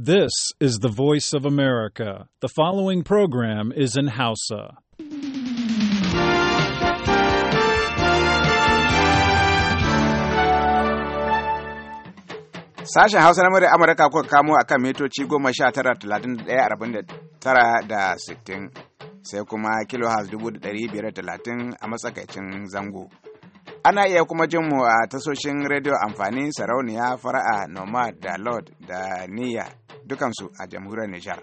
This is the voice of America. The following program is in Hausa. Sashen Hausa na murya Amurka kuka kamo a kan mitoci goma sha tara talatin da ɗaya arba'in da tara da sittin sai kuma kilo hausa dubu da ɗari biyar talatin a matsakaicin zango. ana iya kuma jin mu a tasoshin rediyo amfani sarauniya fara'a nomad da lord da niyya dukansu a jamhuriyar nijar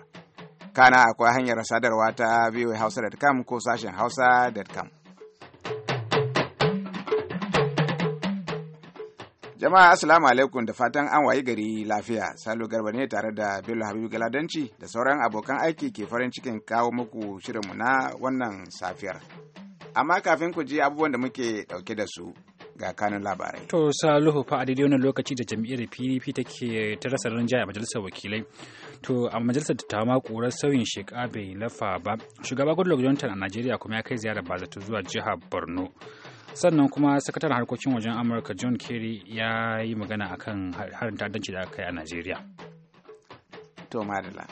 kana akwai hanyar sadarwa ta voahausa.com ko sashen hausa.com jama'a assalamu alaikum da fatan an wayi gari lafiya salo garba ne tare da bello habibu galadanci da sauran abokan aiki ke farin cikin kawo muku shirinmu na wannan safiyar Amma kafin ku ji abubuwan da muke ɗauke da su ga kanun labarai. To Salihu fa a daidai wani lokaci da jam'iyyar PDP take ta rasa rinjaye a majalisar wakilai. To a majalisar ta ma korar sauyin sheka bai lafa ba. Shugaba Goodluck Jonathan a Najeriya kuma ya kai ziyarar bazata zuwa jihar Borno. sannan kuma sakataren harkokin wajen amurka john kerry ya yi magana a kan harin ta'addanci da aka kai a najeriya to madala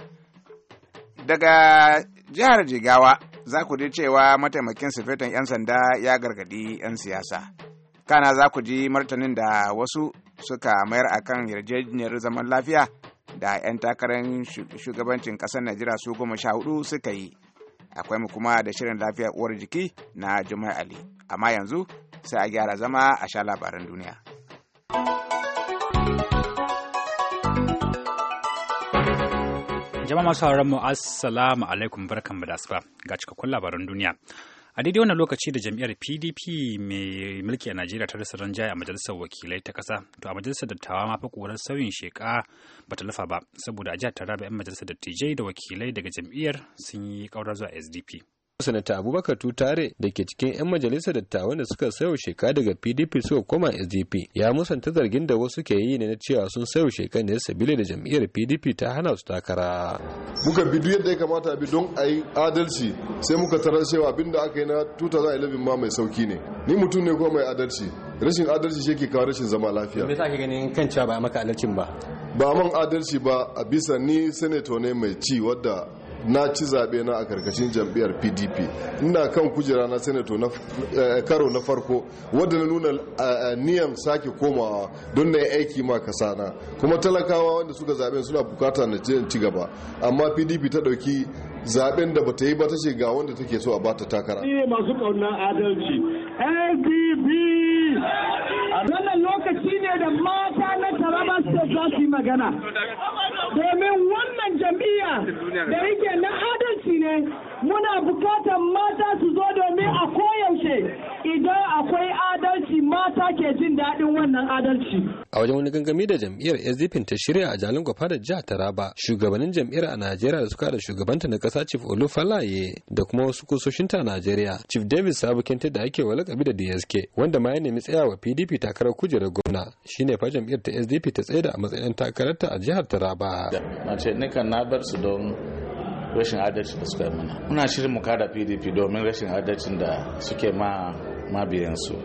daga jihar jigawa za ku ji cewa mataimakin sufetan 'yan sanda ya gargadi 'yan siyasa kana za ku ji martanin da wasu suka mayar a kan yarjejeniyar zaman lafiya da 'yan takarar shugabancin ƙasar najeriya su goma sha hudu suka yi akwai mu kuma da shirin lafiya uwar jiki na juma'a ali amma yanzu sai a gyara zama a sha labaran duniya Jama'a masu sauraron mu assalamu alaikum barkanmu da asuba ga cikakkun labaran duniya. A daidai wannan lokaci da jam'iyyar PDP mai mulki a Najeriya ta rasa ranjaye a majalisar wakilai ta kasa to a majalisar dattawa ma fa korar sauyin sheka ba ta lafa ba saboda a jihar Taraba 'yan majalisar dattijai da wakilai daga jam'iyyar sun yi ƙaurar zuwa SDP. sanata abubakar tutare da ke cikin 'yan majalisar dattawan da suka sayo sheka daga pdp suka koma sdp ya musanta zargin da wasu ke yi ne na cewa sun sayo sheka ne sabili da jam'iyyar pdp ta hana su takara muka bi duk yadda ya kamata bi don a yi adalci sai muka tarar cewa abin da aka yi na 2011 ma mai sauki ne ni mutum ne ko mai adalci rashin adalci shi ke kawo rashin zama lafiya me ke ganin kan cewa ba maka adalcin ba ba man adalci ba a bisa ni senator ne mai ci wadda na ci zaɓe na a karkashin jam'iyyar pdp ina kan kujera na senator na eh, karo na farko wadda na nuna eh, eh, niyan sake komawa don na aiki ma kasana kuma talakawa wanda suka zaɓe suna bukata na ci gaba amma pdp ta ɗauki zaɓen da bata yi ba ta ce ga wanda take so a bata takara masu adalci a wannan lokaci ne da mata na taraba state za magana domin wannan jam'iyya da yake na adalci ne muna bukatar mata su zo domin a koyaushe idan akwai adalci mata ke jin daɗin wannan adalci. A wajen wani gangami da jam'iyyar SDP ta shirya a Jalin Gwafa da jihar Taraba, shugabannin jam'iyyar a Najeriya da suka da shugabanta na ƙasa Chief Olufalaye da kuma wasu kusoshinta a Najeriya, Chief Davis kente da ake wa lakabi da DSK, wanda ma ya nemi tsayawa PDP takarar kujerar gwamna, shine fa jam'iyyar ta SDP ta tsaida a matsayin takararta a jihar Taraba. Mace nikan na bar su don rashin adalci da suka mana muna shirin mu kada pdp domin rashin adalcin da suke ma mabiyansu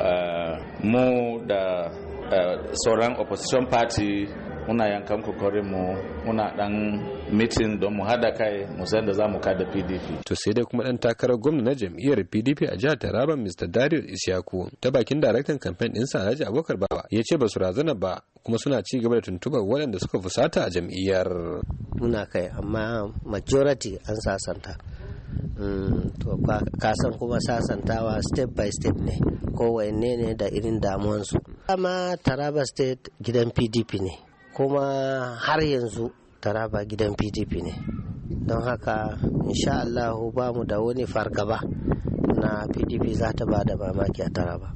eh, mu da eh, sauran opposition party muna yankan kokarin mu muna dan mitin don mu hada kai mu san da za mu kada pdp to sai dai kuma dan takarar gwamna na jam'iyyar pdp a jihar taraba mr dario Isiyaku ta bakin daraktan kamfen ɗinsa alhaji abubakar bawa ya ce ba su razana ba kuma suna ci gaba da tuntubar waɗanda suka fusata a jam'iyyar muna kai amma majority an sasanta mm, to ka san kuma sasantawa step by step ne kowanne ne da irin damuwansu. Amma Taraba State gidan PDP ne. kuma har yanzu taraba gidan pdp ne don haka insha allahu ba mu da wani fargaba na pdp za ta ba da mamaki a taraba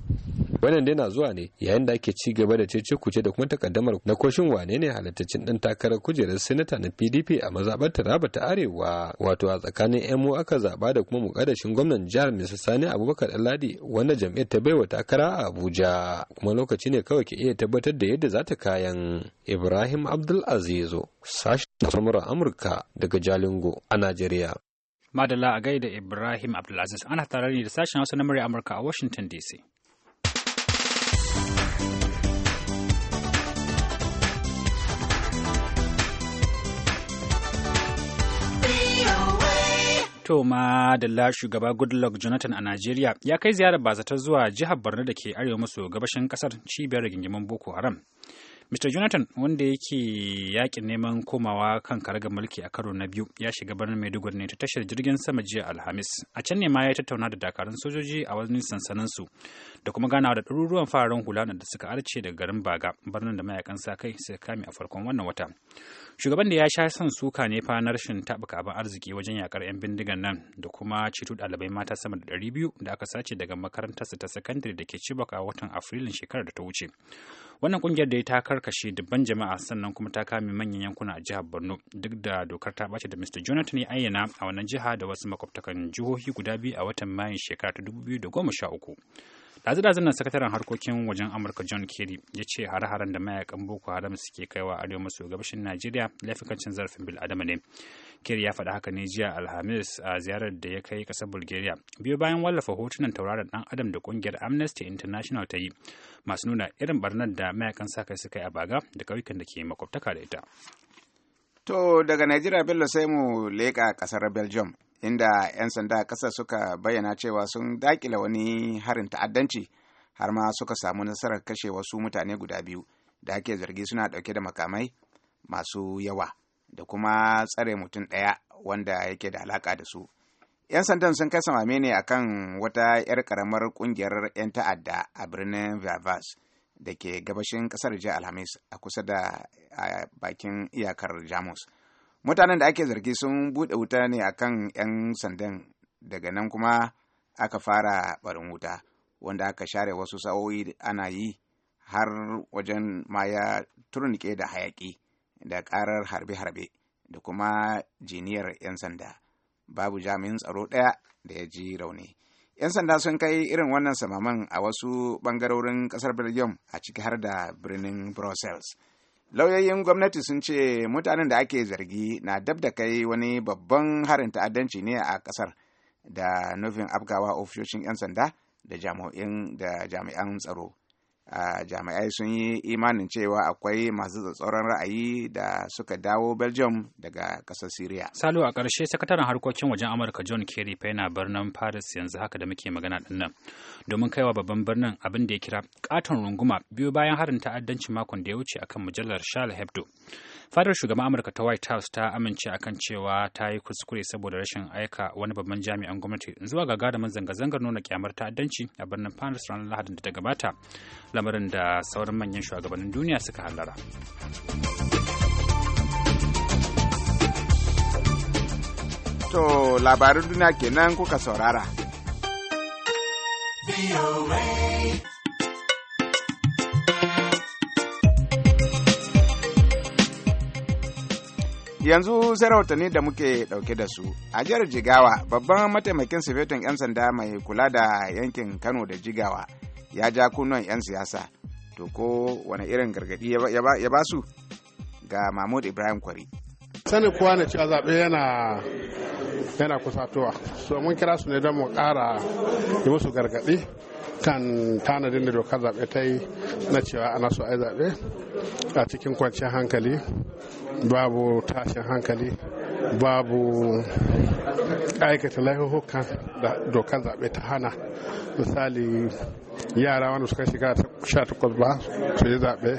wannan dai na zuwa ne yayin da ake ci gaba da cece kuce da kuma takaddamar na koshin wane ne halittacin dan takarar kujerar sinata na PDP a mazabar Taraba ta Arewa wato a tsakanin MO aka zaba da kuma mukaddashin gwamnan jihar mai Sani Abubakar Alladi wanda jam'iyyar ta baiwa takara a Abuja kuma lokaci ne kawai ke iya tabbatar da yadda za ta kayan Ibrahim Abdul Azizo sashen Amurka daga Jalingo a Najeriya. Madala a gaida Ibrahim Abdulaziz ana tare ne da sashen Hausa na murya Amurka a Washington DC. To madalla shugaba Goodluck Jonathan a Najeriya ya kai ziyarar bazata zuwa jihar Borno da ke arewa maso gabashin kasar cibiyar rigingimin Boko Haram. Mr. Jonathan wanda yake yakin neman komawa kan karagar mulki a karo na biyu ya shiga birnin Maiduguri ne ta tashar jirgin sama jiya Alhamis. A can ne ma ya tattauna da dakarun sojoji a wani sansanin su da kuma ganawa da ɗaruruwan fararen hula da suka arce daga garin Baga birnin da mayakan sa kai suka kame a farkon wannan wata. shugaban da ya sha son suka ne fa na rashin taɓuka abin arziki wajen yakar 'yan bindigan nan da kuma ceto ɗalibai mata sama da 200 da aka sace daga makarantarsa ta sakandare da ke cibaka a watan afrilun shekarar da ta wuce wannan kungiyar da ya ta karkashe dubban jama'a sannan kuma ta kame manyan yankuna a jihar borno duk da dokar ta ɓace da mr jonathan ya ayyana a wannan jiha da wasu makwabtakan jihohi guda biyu a watan mayun shekara ta goma sha-uku. ɗazu sakataren harkokin wajen amurka john kerry ya ce hare-haren da mayakan boko haram suke kaiwa arewa maso gabashin najeriya laifukancin zarafin bil'adama ne kerry ya faɗi haka ne jiya alhamis a ziyarar da ya kai ƙasar bulgaria biyu bayan wallafa hotunan tauraron ɗan adam da ƙungiyar amnesty international ta yi masu nuna irin barnar da mayakan sa kai suka yi a baga da ƙauyukan da ke makwabtaka da ita To daga Najeriya Bello sai mu leƙa ƙasar Belgium inda 'yan sanda ƙasar suka bayyana cewa sun dakila wani harin ta'addanci har ma suka samu nasarar kashe wasu mutane guda biyu da ake zargi suna ɗauke da makamai masu yawa da kuma tsare mutum ɗaya wanda yake da alaƙa da su 'yan sandan sun kai samame ne akan wata 'yar ƙaramar ƙungiyar 'yan ta'adda a birnin vavas da ke gabashin ƙasar jiya alhamis a kusa da bakin iyakar jamus mutanen da ake zargi sun bude wuta ne akan 'yan sandan daga nan kuma aka fara barin wuta wanda aka share wasu sa'o'i ana yi har wajen ma ya turnike da hayaki da karar harbe-harbe da kuma jiniyar 'yan sanda babu jami'in tsaro ɗaya da ya ji rauni 'yan sanda sun kai irin wannan samaman a wasu ɓangarorin ƙasar belgium a ciki har da birnin brussels lauyoyin gwamnati sun ce mutanen da ake zargi na dab da kai wani babban harin ta'addanci ne a kasar da nufin afgawa ofishoshin 'yan sanda da jami'an tsaro jami'ai sun yi imanin cewa akwai masu tsatsauran ra'ayi da suka dawo belgium daga ƙasar syria salo a ƙarshe sakataren harkokin wajen amurka john kerry fa yana birnin paris yanzu haka da muke magana din domin domin kaiwa babban birnin abin da ya kira katon runguma biyu bayan harin ta'addanci makon da ya wuce akan mujallar charles hebdo fadar shugaban amurka ta white house ta amince akan cewa ta yi kuskure saboda rashin aika wani babban jami'an gwamnati zuwa man zanga-zangar nuna kyamar ta'addanci a birnin paris ranar lahadin da ta gabata lamarin da sauran manyan shugabannin duniya suka hallara to labarin duniya kenan kuka saurara. yanzu sai rahotanni da muke dauke da su a jihar jigawa babban mataimakin sifetin 'yan sanda mai kula da yankin kano da jigawa ya ja kunnuwan 'yan siyasa to ko wani irin gargadi ya ba su ga mahmud ibrahim kwari sanin kuwa na cewa zaɓe yana yana kusatowa so mun kira su ne don mu ƙara yi musu gargaɗi kan tanadin da dokar zaɓe ta yi na cewa ana so a yi zaɓe a cikin kwanciyar hankali babu tashin hankali babu aikata laifukan da dokar zaɓe ta hana misali yara wanda suka shiga sha takwas ba su yi zaɓe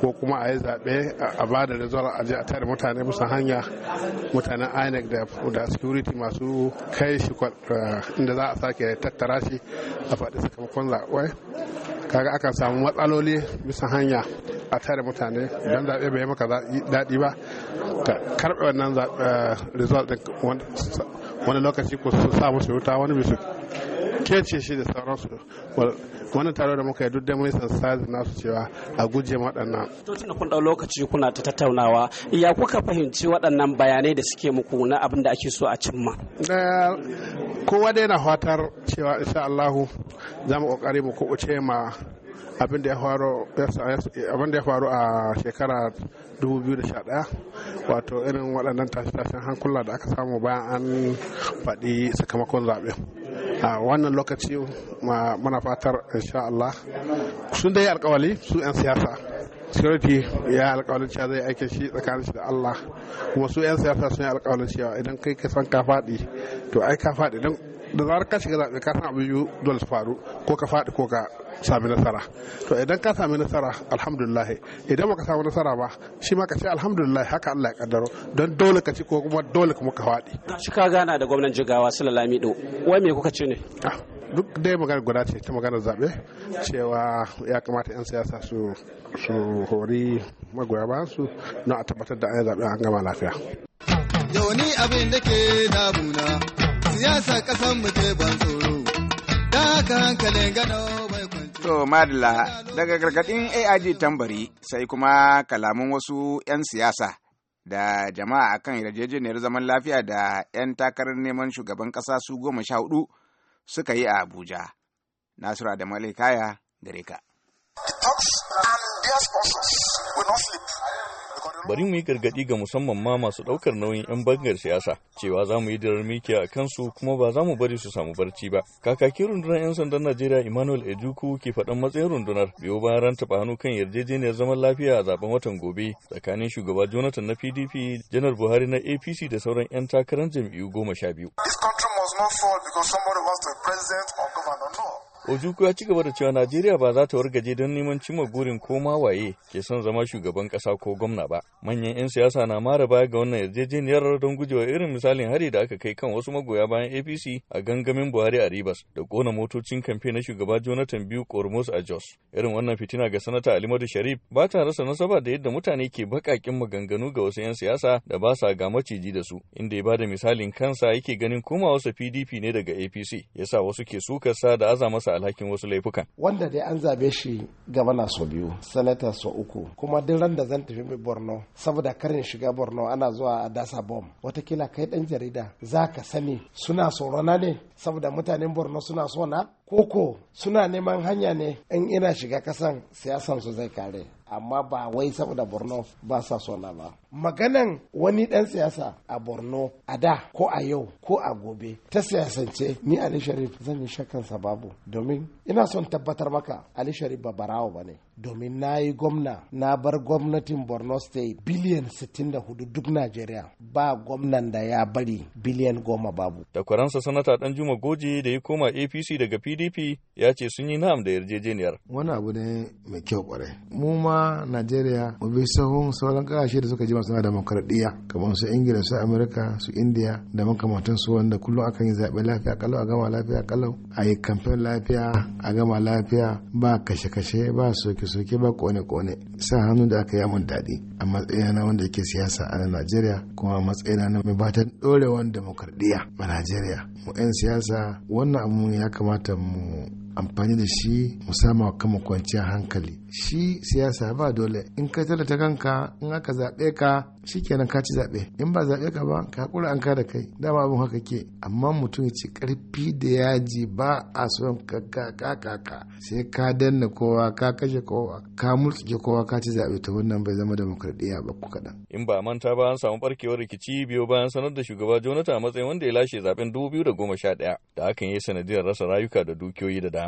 ko kuma a yi zaɓe a ba da rizal a je a tare mutane musa hanya mutanen inec da security masu kai shi eh, inda za a sake tattara shi a faɗi sakamakon zaɓe kaga aka samu matsaloli bisa hanya a tare mutane don zaɓe bai maka daɗi ba ka karɓe wannan eh, result ɗin wani lokaci ko su sa musu wuta wani bisu kece shi da sauransu wani taro da muka yi duk da mun sazi nasu cewa a guje waɗannan. to tun kun ɗau lokaci kuna ta tattaunawa ya kuka fahimci waɗannan bayanai da suke muku na abin da ake so a cimma. kowa dai na fatar cewa insha Allahu za mu ƙoƙari mu kuɓuce ma abin da ya faru a shekara 2011 wato irin waɗannan tashe-tashen hankula da aka samu bayan an faɗi sakamakon zaɓe a wannan lokaci mana fatar insha Allah sun da yi alkawali su 'yan siyasa security ya alkawalin cewa zai aike shi tsakanin shi da Allah kuma su 'yan siyasa sun yi alkawalin cewa idan kai ka san ka faɗi to ai ka faɗi don da zarar ka shiga zaɓe ka san yi dole su faru ko ka faɗi ko ka sami nasara to idan ka sami nasara alhamdulillah idan baka samu nasara ba shi ma ka ce alhamdulillah haka Allah ya kaddaro don dole ka ci ko kuma dole kuma ka fadi shi ka gana da gwamnan jigawa su lalamido wai me kuka ce ne ah, duk dai magana guda ce ta maganar zaɓe cewa ya kamata 'yan siyasa su su hori magoya bayan su n'a a tabbatar da an zaɓe an gama lafiya yau abin da ke damuna siyasa ƙasar mu ce ban tsoro da haka hankalin gano To Madala, daga gargadin AIG tambari sai kuma kalamun wasu 'yan siyasa da jama'a akan yarjejeniyar zaman lafiya da 'yan takarar neman shugaban ƙasa su goma sha hudu suka yi a Abuja. Nasiru da Malikaya gare ka. bari mu yi gargaɗi ga musamman ma masu ɗaukar nauyin 'yan bangar siyasa cewa za mu yi dirar miki a kansu kuma ba za mu bari su samu barci ba kakakin rundunar 'yan sandan najeriya emmanuel ejuku ke faɗan matsayin rundunar biyo bayan ran taɓa hannu kan yarjejeniyar zaman lafiya a zaben watan gobe tsakanin shugaba jonathan na pdp janar buhari na apc da sauran 'yan takarar jam'iyyu goma sha biyu. This country not fall because somebody wants to be president or governor. No. Ojuku ya ci gaba da cewa Najeriya ba za ta wargaje don neman cimma gurin ko ma waye ke son zama shugaban ƙasa ko gwamna ba. Manyan 'yan siyasa na mara baya ga wannan yarjejeniyar don gujewa irin misalin hari da aka kai kan wasu magoya bayan APC a gangamin Buhari a Ribas da kona motocin kamfe na shugaba Jonathan Biyu Kormos a Jos. Irin wannan fitina ga sanata Alimadu Sharif ba ta rasa nasaba da yadda mutane ke baƙaƙen maganganu ga wasu 'yan siyasa da ba sa ga maciji da su, inda ya bada misalin kansa yake ganin komawarsa PDP ne daga APC, yasa wasu ke sa da aza masa alhakin wasu laifukan wanda dai an zabe shi gabana sau biyu sanata sau uku kuma duk ran da zan tafi mai borno saboda karin shiga borno ana zuwa a dasa bom watakila kai dan jarida za ka sani suna tsorona ne saboda mutanen borno suna so na koko suna neman hanya ne in ina shiga kasan siyasan su zai kare amma ba wai saboda borno ba sa sona ba maganan wani dan siyasa a borno a da ko a yau ko a gobe ta siyasance ni ali sharif zan yi shakansa babu domin ina son tabbatar maka ali sharif ba barawo ba ne domin na yi gwamna na bar gwamnatin borno state biliyan 64 duk najeriya ba gwamnan da ya bari biliyan goma babu da kwaransa sanata dan juma goje da ya koma apc daga pdp PDP ya ce sun yi na'am da yarjejeniyar. Wani abu ne mai kyau kwarai. Mu ma Najeriya mu bi sahun sauran kasashe da suka jima suna demokradiyya kamar su Ingila su Amerika su Indiya da makamantan su wanda kullum akan yi zaɓe lafiya kalau a gama lafiya kalau a yi kamfen lafiya a gama lafiya ba kashe-kashe ba soke-soke ba kone-kone sa hannu da aka yi mun daɗi a matsayina wanda yake siyasa a Najeriya kuma a matsayina na mai batan ɗorewan demokradiyya a Najeriya. Mu 'yan siyasa wannan abu ya kamata mu もう amfani da shi musamman wa kama kwanciyar hankali shi siyasa ba dole in ka tallata kanka in aka zaɓe ka shikenan ka ci zaɓe in ba zaɓe ka ba ka kura an da kai dama abin haka ke amma mutum ya ci ƙarfi da yaji ba a son ka sai ka danna kowa ka kashe kowa ka mulkike kowa ka ci zaɓe to wannan bai zama demokradiyya ba ku kaɗan. in ba manta ba an samu barkewar rikici biyo bayan sanar da shugaba jonathan a matsayin wanda ya lashe zaɓen biyu da hakan ya sanadiyar rasa rayuka da dukiyoyi da dama.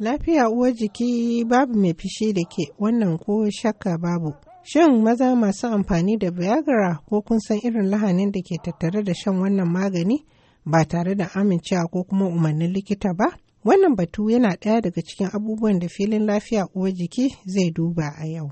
Lafiya uwar jiki babu mai fishi da ke wannan ko shakka babu. Shin maza masu amfani da Viagra ko kun san irin lahanin da ke tattare da shan wannan magani ba tare da amincewa ko kuma umarnin likita ba? Wannan batu yana ɗaya daga cikin abubuwan da filin lafiya uwar jiki zai duba a yau.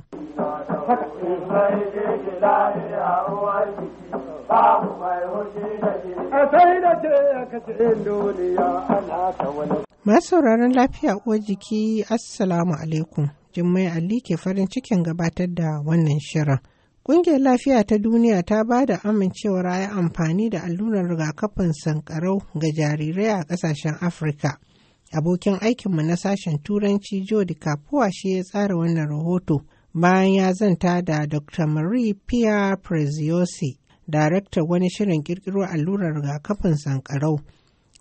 masu sauraron lafiya uwar jiki assalamu alaikum jummai ali ke farin cikin gabatar da wannan shirin Ƙungiyar Lafiya ta Duniya ta ba da amincewar ya amfani da allurar rigakafin sankarau ga jarirai a ƙasashen Afirka. Abokin aikinmu na sashen Turanci Jodi Kapuwa shi ya tsara wannan rahoto bayan ya zanta da Dr. Marie pierre Preziosi, daraktar wani shirin kirkiro allurar rigakafin sankarau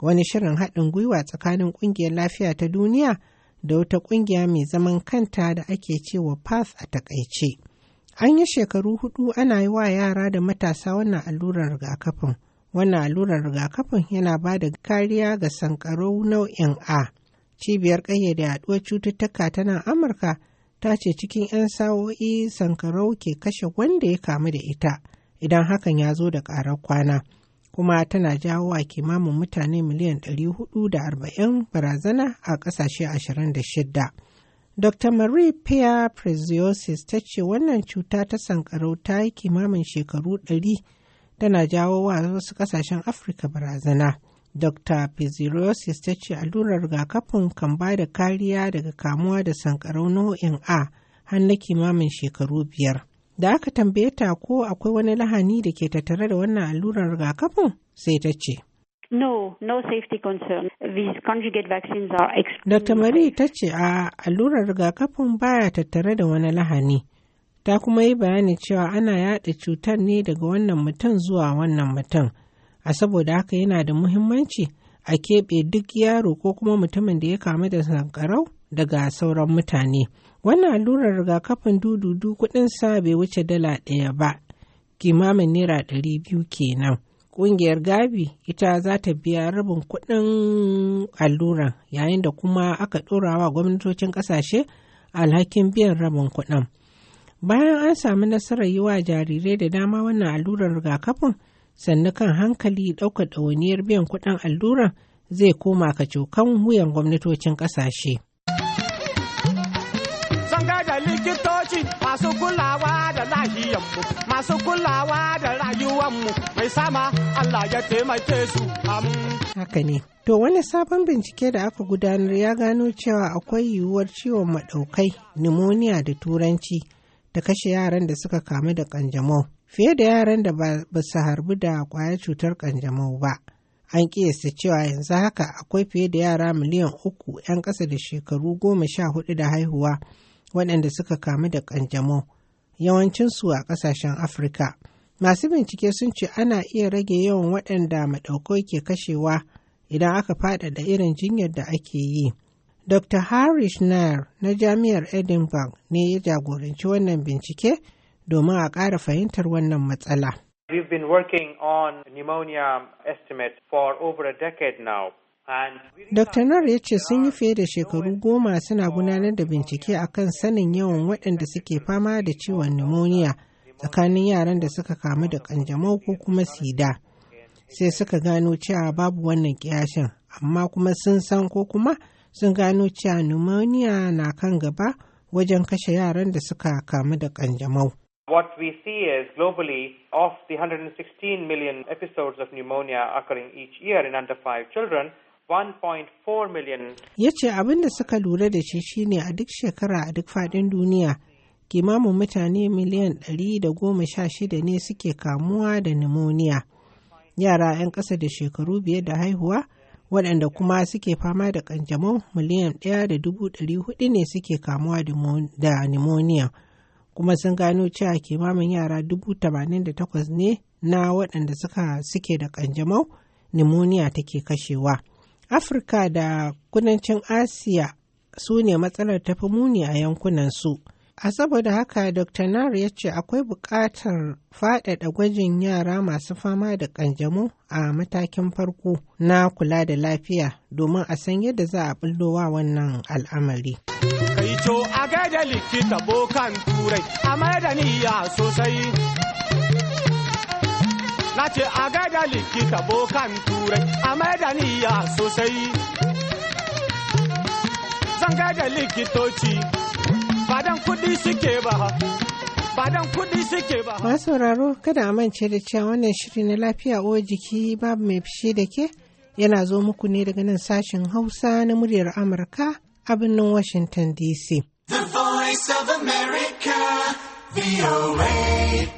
wani shirin haɗin gwiwa tsakanin ƙungiyar lafiya ta duniya da wata ƙungiya mai zaman kanta da ake cewa path a takaice an yi shekaru hudu ana yi wa yara da matasa wannan allurar rigakafin wannan allurar rigakafin yana ba da kariya ga sankarau nau'in a cibiyar ƙayyade yaduwar cututtuka ta nan amurka ta ce cikin 'yan sa'o'i sankarau ke kashe wanda ya kamu da ita idan hakan ya zo da karar kwana kuma tana jawo a kimamin mutane miliyan 440 barazana a ƙasashe 26. Dr. Marie Pierre Preziosis ta ce wannan cuta ta sankarau ta yi kimamin shekaru 100 tana jawo wa wasu ƙasashen Afirka barazana. Dr. Preziosis ta ce allurar rigakafin kan ba da kariya daga kamuwa da sankarau nau'in A har na kimamin shekaru biyar. Da aka tambaye ta ko akwai wani lahani da ke tattare da wannan allurar rigakafin sai ta ce. No, no safety concern. These conjugate vaccines are Dr. Marie ta ce a allurar rigakafin baya tattare da wani lahani. Ta kuma yi bayani cewa ana yaɗa cutar ne daga wannan mutum zuwa wannan mutum. A saboda haka yana da muhimmanci a keɓe duk yaro ko kuma mutumin da ya kamu da sankarau daga sauran mutane. wannan allurar rigakafin dududu sa bai wuce dala ɗaya ba kimamin naira ɗari biyu kenan ƙungiyar gabi ita za ta biya rabin kuɗin alluran yayin da kuma aka ɗorawa gwamnatocin ƙasashe alhakin biyan rabin kuɗin bayan an samu nasarar yi wa jarirai da dama wannan allurar rigakafin sannan kan hankali ɗaukar ɗawainiyar biyan kuɗin alluran zai koma kacokan wuyan gwamnatocin ƙasashe. likitoci masu kulawa da lahiyanmu masu kulawa da rayuwanmu mai sama Allah ya taimake su haka ne to wani sabon bincike da aka gudanar ya gano cewa akwai yiwuwar ciwon maɗaukai pneumonia da turanci da kashe yaran da suka kamu da kanjamau fiye da yaran da ba su harbu da kwayar cutar kanjamau ba an kiyasta cewa yanzu haka akwai fiye da yara miliyan uku 'yan ƙasa da shekaru goma sha hudu da haihuwa waɗanda suka kamu da ƙanjamau yawancinsu a ƙasashen afirka masu bincike sun ce ana iya rage yawan waɗanda maɗauko ke kashewa idan aka faɗaɗa irin jinyar da ake yi dr harish nair na jami'ar edinburgh ne ya jagoranci wannan bincike domin a ƙara fahimtar wannan matsala We've been working on pneumonia estimate for over a decade Dr. Nar ya ce sun yi fiye da shekaru goma suna gudanar da bincike a kan sanin yawan waɗanda suke fama da ciwon pneumonia tsakanin yaran da suka kamu da kanjamau ko kuma sida. Sai suka gano cewa babu wannan kiyashin, amma kuma sun san ko kuma sun gano cewa pneumonia na kan gaba wajen kashe yaran da suka kamu da kanjamau. What we see is globally, of the 116 million episodes of pneumonia occurring each year in under five children, 1.4 million. Ya ce abin da suka lura da shi shine a duk shekara a duk fadin duniya kimamin mutane miliyan 116 ne suke kamuwa da nimoniya. Yara 'yan ƙasa da shekaru biyar da haihuwa waɗanda kuma suke fama da ƙanjamau miliyan 1.400 ne suke kamuwa da nimoniya. Kuma sun gano cewa kimamin yara 88 ne na waɗanda suke da ƙanjamau nimoniya take kashewa. afirka da kudancin asiya su ne matsalar tafi muni a yankunan su a saboda haka dr nar ya ce akwai buƙatar faɗaɗa gwajin yara masu fama da ƙanjamau a matakin farko na kula da lafiya domin a san yadda za a ɓullowa wannan al'amari. Kai a gaida likita bokan turai, a da niyya sosai. na ce a gaida likita bokan turai a maidaniya niyya sosai zan gaida likitoci badan kudi suke ba badan kudi suke ba masu sauraro kada a mance da cewa wannan shiri na lafiya o jiki babu mai fishi da ke yana zo muku ne daga nan sashen hausa na muryar amurka a birnin washington dc The Voice of America, VOA.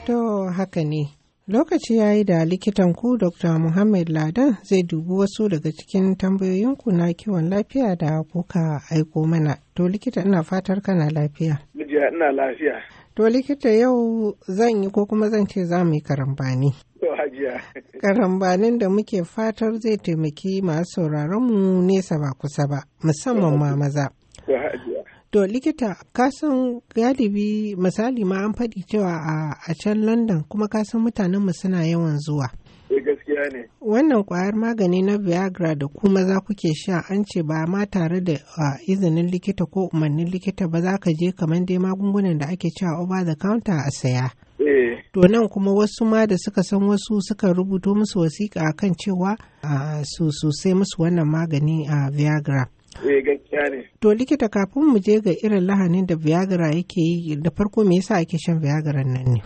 To haka ne, Lokaci ya yi da likitan ku Dr. Muhammad Ladan zai dubi wasu daga cikin tambayoyinku na kiwon lafiya da kuka aiko mana. To likita ina fatar kana lafiya. Mijiya ina lafiya. To likita yau zan yi ko kuma zan ce za mu yi karambani. To hajiya. Karambanin da muke fatar zai taimaki masu sauraronmu nesa ba kusa ba, musamman ma maza. To hajiya. To likita kasan galibi misali ma an faɗi cewa a can London kuma kasan mutanen mu suna yawan zuwa. Eh gaskiya ne. Wannan kwayar magani na Viagra da ku maza kuke sha an ce ba ma tare da izinin likita ko umarnin likita ba za ka je kamar dai magungunan da ake cewa over the counter a saya. Eh. To nan kuma wasu ma da suka san wasu suka rubuto musu wasiƙa kan cewa su sosai musu wannan magani a Viagra. Eh, ne. To likita kafin mu je ga irin lahanin da Viagra yake yi da farko me yasa ake shan Viagra nan ne?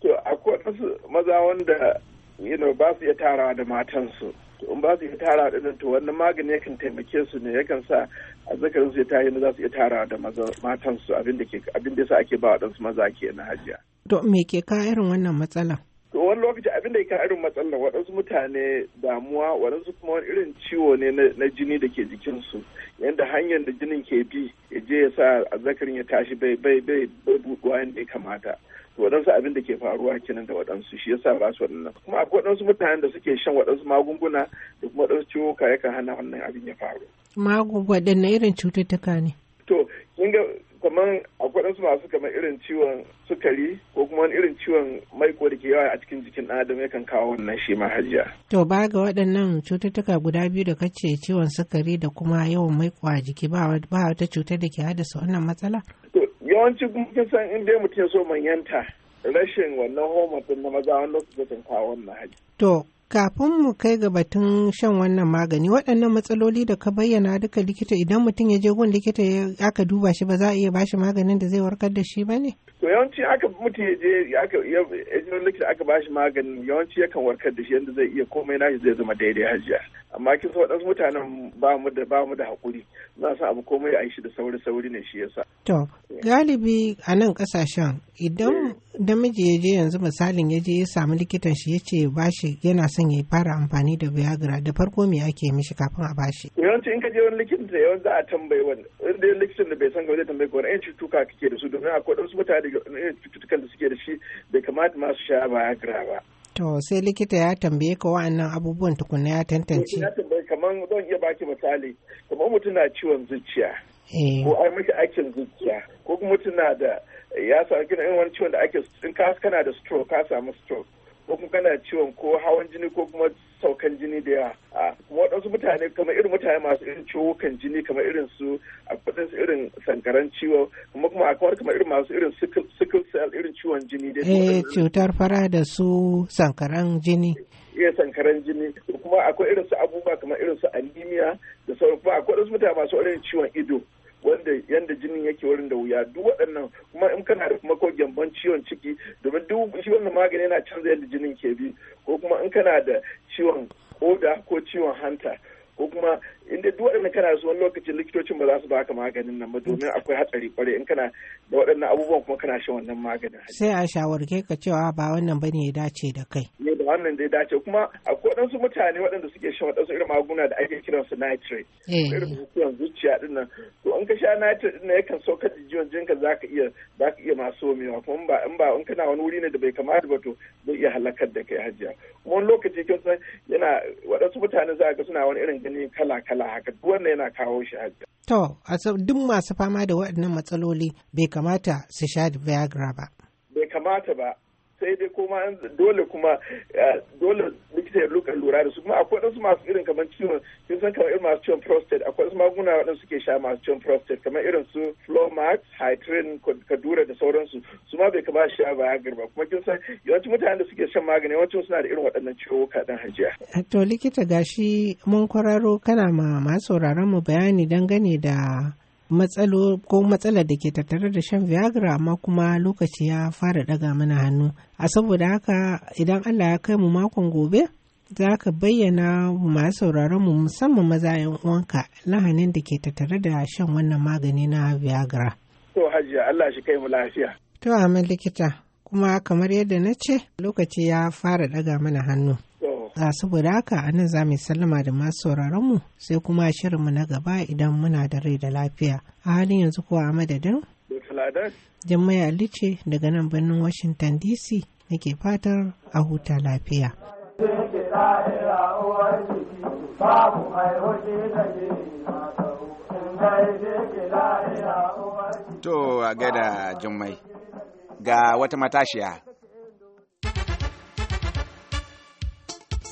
To akwai wasu maza wanda you know, ba su iya tarawa da matansu. To in ba su iya tarawa da to wannan magani yakan taimake su ne yakan sa azzakarin su ya tayi za su iya tarawa da matansu abin da ke abin da yasa ake ba wa maza ke na hajiya. To me ke ka irin wannan matsalar? to wani lokaci abin da yake irin matsalar waɗansu mutane damuwa waɗansu kuma wani irin ciwo ne na jini da ke jikinsu yadda hanyar da jinin ke bi ya je ya sa azzakarin ya tashi bai bai bai bai buɗuwa yadda ya kamata to waɗansu abin da ke faruwa kenan da waɗansu shi yasa ba su waɗannan kuma akwai waɗansu mutanen da suke shan waɗansu magunguna da kuma waɗansu ciwuka yakan hana wannan abin ya faru. na irin cututtuka ne. To, kin ga kamar akwai ɗansu masu kamar irin ciwon sukari ko kuma wani irin ciwon maiko da ke yawa a cikin jikin ɗan adam yakan kawo wannan shi ma hajiya. To ba ga waɗannan cututtuka guda biyu da kace ciwon sukari da kuma yawan maiko a jiki ba wata cutar da ke haddasa wannan matsala? To yawanci kun san in dai mutum ya so manyanta rashin wannan hormone na maza wani lokacin kawo wannan hajiya. To Kafin mu kai ga batun shan wannan magani waɗannan matsaloli da ka bayyana duka likita idan mutum ya je gun likita aka duba shi ba za a iya bashi maganin da zai warkar da shi ba ne? To yawanci aka mutum ya je ya likita aka bashi maganin yawanci yakan warkar da shi yadda zai iya komai nashi zai zama daidai hajiya. amma kin san waɗansu mutanen ba mu da ba mu da haƙuri za su abu komai a yi shi da sauri sauri ne shi yasa. To galibi a nan ƙasashen idan eh. namiji ya je yanzu misalin ya je ya samu likitan shi ya ce ba shi yana son ya fara amfani da Viagra da farko me ake mishi kafin a ba shi. Yawanci in ka je wani likitan da yawanci za a tambayi wani inda yin likitan da bai san gaba zai tambayi ko wani yan cututtuka kake da su domin akwai wasu mutane da cututtukan da suke da shi bai kamata ma su sha Viagra ba. To sai likita ya tambaye ka wa'annan abubuwan tukuna ya tantance. Ya tambaye kamar zan iya baki misali kamar mutum na ciwon zuciya. Eh. Ko ai mashi aikin zuciya ko kuma mutum na da ya sa kina wani ciwon da ake in ka kana da stroke ka samu stroke ko kuma kana ciwon ko hawan jini ko kuma saukan jini da yawa kuma waɗansu mutane kamar irin mutane masu irin ciwukan jini kamar irin su a kudin su irin sankaran ciwo kuma kuma akwai kamar irin masu irin sickle cell irin ciwon jini da eh cutar fara da su sankaran jini iya eh, sankaran jini kuma akwai irin su abubuwa kamar irin su anemia da sauran kuma akwai wasu mutane masu irin ciwon ido wanda yanda jinin yake wurin da wuya duk waɗannan kuma in kana da kuma ko gyamban ciwon ciki domin duk shi wannan magani yana canza yadda jinin ke bi ko kuma in kana da ciwon koda ko ciwon hanta ko kuma inda duk waɗanda kana su wani lokacin likitocin ba za su baka maganin nan ba domin akwai hatsari kware in kana da waɗannan abubuwan kuma kana shan wannan maganin sai a shawarke ka cewa ba wannan bane ya dace da kai ne da wannan zai dace kuma akwai waɗansu mutane waɗanda suke shan waɗansu irin maguna da ake kiran su nitrate eh. irin hukumar zuciya din nan to in ka sha nitrate din nan yakan sauka da jiwon jinka ka iya ka iya masu somewa kuma ba in ba in kana wani wuri ne da bai kamata ba to zai iya halakar da kai hajiya kuma wani lokaci kin san yana waɗansu mutane za ka suna wani irin ganin kala kala kala haka duk wannan yana kawo shi hajja. To, duk masu fama da waɗannan matsaloli bai kamata su sha Viagra ba. Bai kamata ba, sai dai kuma dole kuma eh, dole likita ya luka lura da su kuma akwai wasu masu irin kamar ciwon kin san kamar irin masu ciwon prostate akwai wasu magunguna waɗanda suke sha masu ciwon prostate kamar irin su Flomax, hydrin Kadura da sauransu su ma bai kama sha a garba kuma kin san yawancin mutanen da suke shan magani yawancin suna da irin waɗannan ka dan hajiya. To likita gashi mun kwararo kana ma masu mu bayani dangane da matsalar da ke tattare da shan viagra amma kuma lokaci ya fara daga mana hannu a saboda haka idan allah ya kai mu makon gobe za ka bayyana masu sauraron mu musamman maza yan uwanka lahanin da ke tattare da shan wannan magani na viagra to hajiya allah shi kai mu lafiya to amin likita kuma kamar yadda na ce lokaci ya fara daga mana hannu a saboda haka a nan za mu sallama da masu mu sai kuma shirinmu na gaba idan muna da rai da lafiya a halin yanzu kuwa a madadin Jummai Ali daga nan birnin Washington DC nake fatar a huta lafiya. To a gada Jummai ga wata matashiya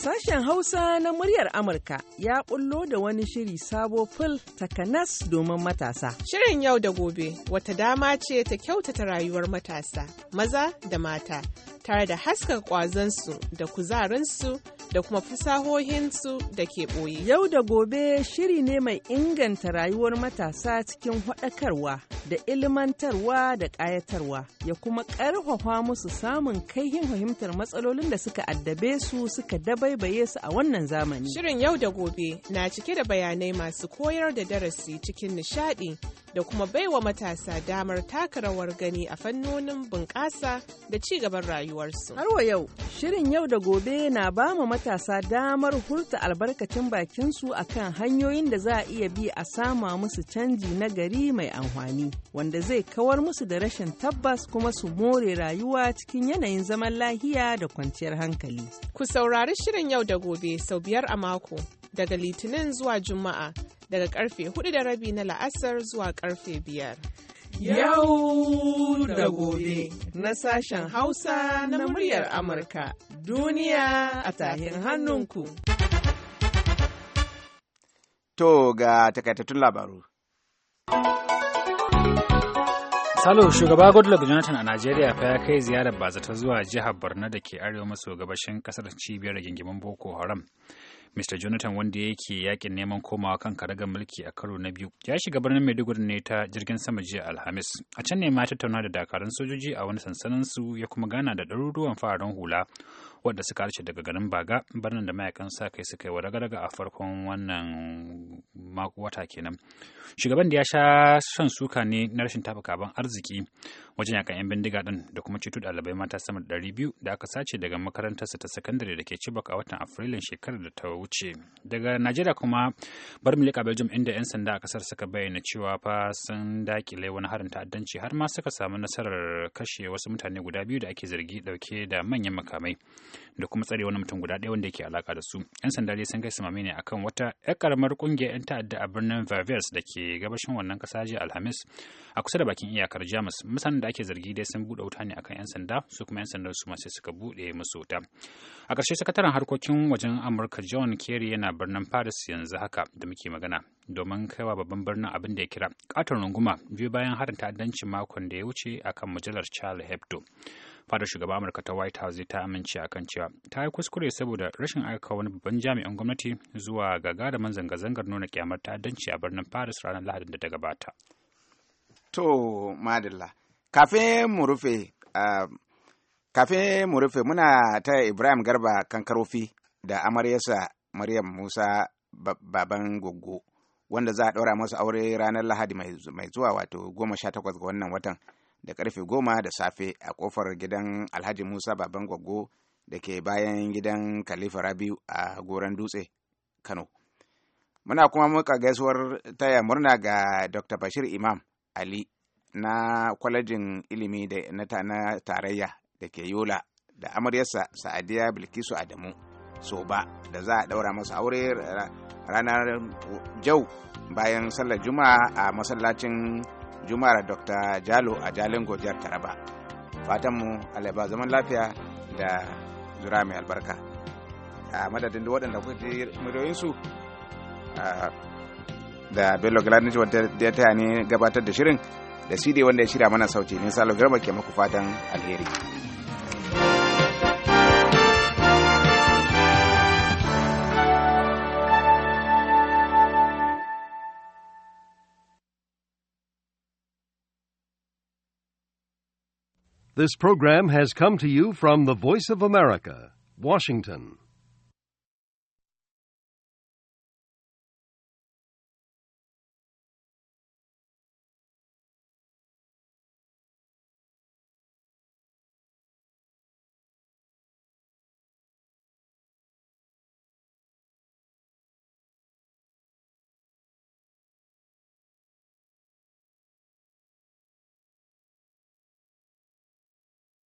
Sashen Hausa na muryar Amurka ya ƙullo da wani shiri sabo fil takanas domin matasa. Shirin yau da gobe wata dama ce ta kyautata rayuwar matasa, maza da mata, tare da haska kwazansu da kuzarinsu da kuma fasahohinsu da ke ɓoye. Yau da gobe shiri ne mai inganta rayuwar matasa cikin haɗakarwa da ilmantarwa da ƙayatarwa ya kuma ƙarfafa musu samun kaihin fahimtar matsalolin da suka addabe su suka dabaibaye su a wannan zamani. Shirin yau da gobe na cike da bayanai masu koyar da darasi cikin nishaɗi da kuma baiwa matasa damar taka rawar gani a fannonin bunƙasa da ci gaban rayuwarsu. Har wa yau, shirin yau da gobe na ba mu matasa damar hurta albarkacin bakinsu a kan hanyoyin da za a iya bi a sama musu canji na gari mai amfani, wanda zai kawar musu da rashin tabbas kuma su more rayuwa cikin yanayin zaman lahiya da kwanciyar hankali. Ku saurari shirin yau da gobe sau biyar a mako. daga Litinin zuwa Juma'a daga karfe hudu da rabi na la'asar zuwa karfe biyar. Yau da gobe na sashen Hausa na muryar Amurka duniya a tahin hannunku. To ga takaitattun labaru. Salo shugaba Goodluck Jonathan a Najeriya fa ya kai ziyarar bazata zuwa jihar Borno da ke arewa maso gabashin kasar cibiyar gingimin Boko Haram. Mr. Jonathan wanda yake yakin neman komawa kan karagar mulki a karo na biyu ya shiga birnin Maiduguri ne ta jirgin sama jiya Alhamis. A can ne ma tattauna da dakarun sojoji a wani sansanin su ya kuma gana da ɗaruruwan fararen hula wanda suka harshe daga garin Baga birnin da mayakan sa kai suka yi wa raga a farkon wannan wata kenan. Shugaban da ya sha shan suka ne na rashin taɓa kaban arziki wajen yakan 'yan bindiga din da kuma ceto ɗalibai mata sama da ɗari biyu da aka sace daga makarantarsa ta sakandare da ke Chibok a watan Afrilun shekarar da ta wuce. Daga Najeriya kuma bar mu leƙa Belgium inda 'yan sanda a kasar suka bayyana cewa fa sun dakile wani harin ta'addanci har ma suka samu nasarar kashe wasu mutane guda biyu da ake zargi ɗauke da manyan makamai da kuma tsare wani mutum guda ɗaya wanda yake alaka da su. 'Yan sanda dai sun kai samami ne akan wata 'yar karamar kungiyar 'yan ta'adda a birnin Verviers da ke gabashin wannan kasa jiya Alhamis a kusa da bakin iyakar Jamus. da ake zargi dai sun buɗe wuta ne akan 'yan sanda su kuma 'yan sandar su masu suka buɗe musu wuta a ƙarshe sakataren harkokin wajen amurka john kerry yana birnin paris yanzu haka da muke magana domin kaiwa babban birnin abin da ya kira katon runguma biyu bayan harin ta'addancin makon da ya wuce akan mujallar charles hebdo fadar shugaban amurka ta white house zai ta amince akan cewa ta yi kuskure saboda rashin aika wani babban jami'an gwamnati zuwa gadaman zanga-zangar nuna kyamar ta'addanci a birnin paris ranar lahadin da ta gabata to madalla Ah, kafin mu rufe muna ta ibrahim garba kankarofi da amaryarsa maryam musa baban goggo wanda za a ɗaura masu aure ranar lahadi mai zuwa wato goma sha takwas ga wannan watan da karfe goma da safe a kofar gidan alhaji musa baban goggo da ke bayan gidan khalifa rabiu a goron dutse kano muna kuma muka gaisuwar taya murna ga dr bashir imam ali na kwalejin ilimi na tarayya da ke yola da amaryarsa sa'adiya bilkisu adamu so ba da za a daura masa aure ranar jau bayan sallar juma'a a masallacin juma'ar dr jalo a jalin gojiyar taraba fatanmu alaiba zaman lafiya da zura mai albarka a madadin waɗanda kuka ji da bello gladys wadda ya taya ne gabatar da shirin da wanda ya shirya mana sauti ne salo ke muku fatan alheri This program has come to you from the Voice of America, Washington.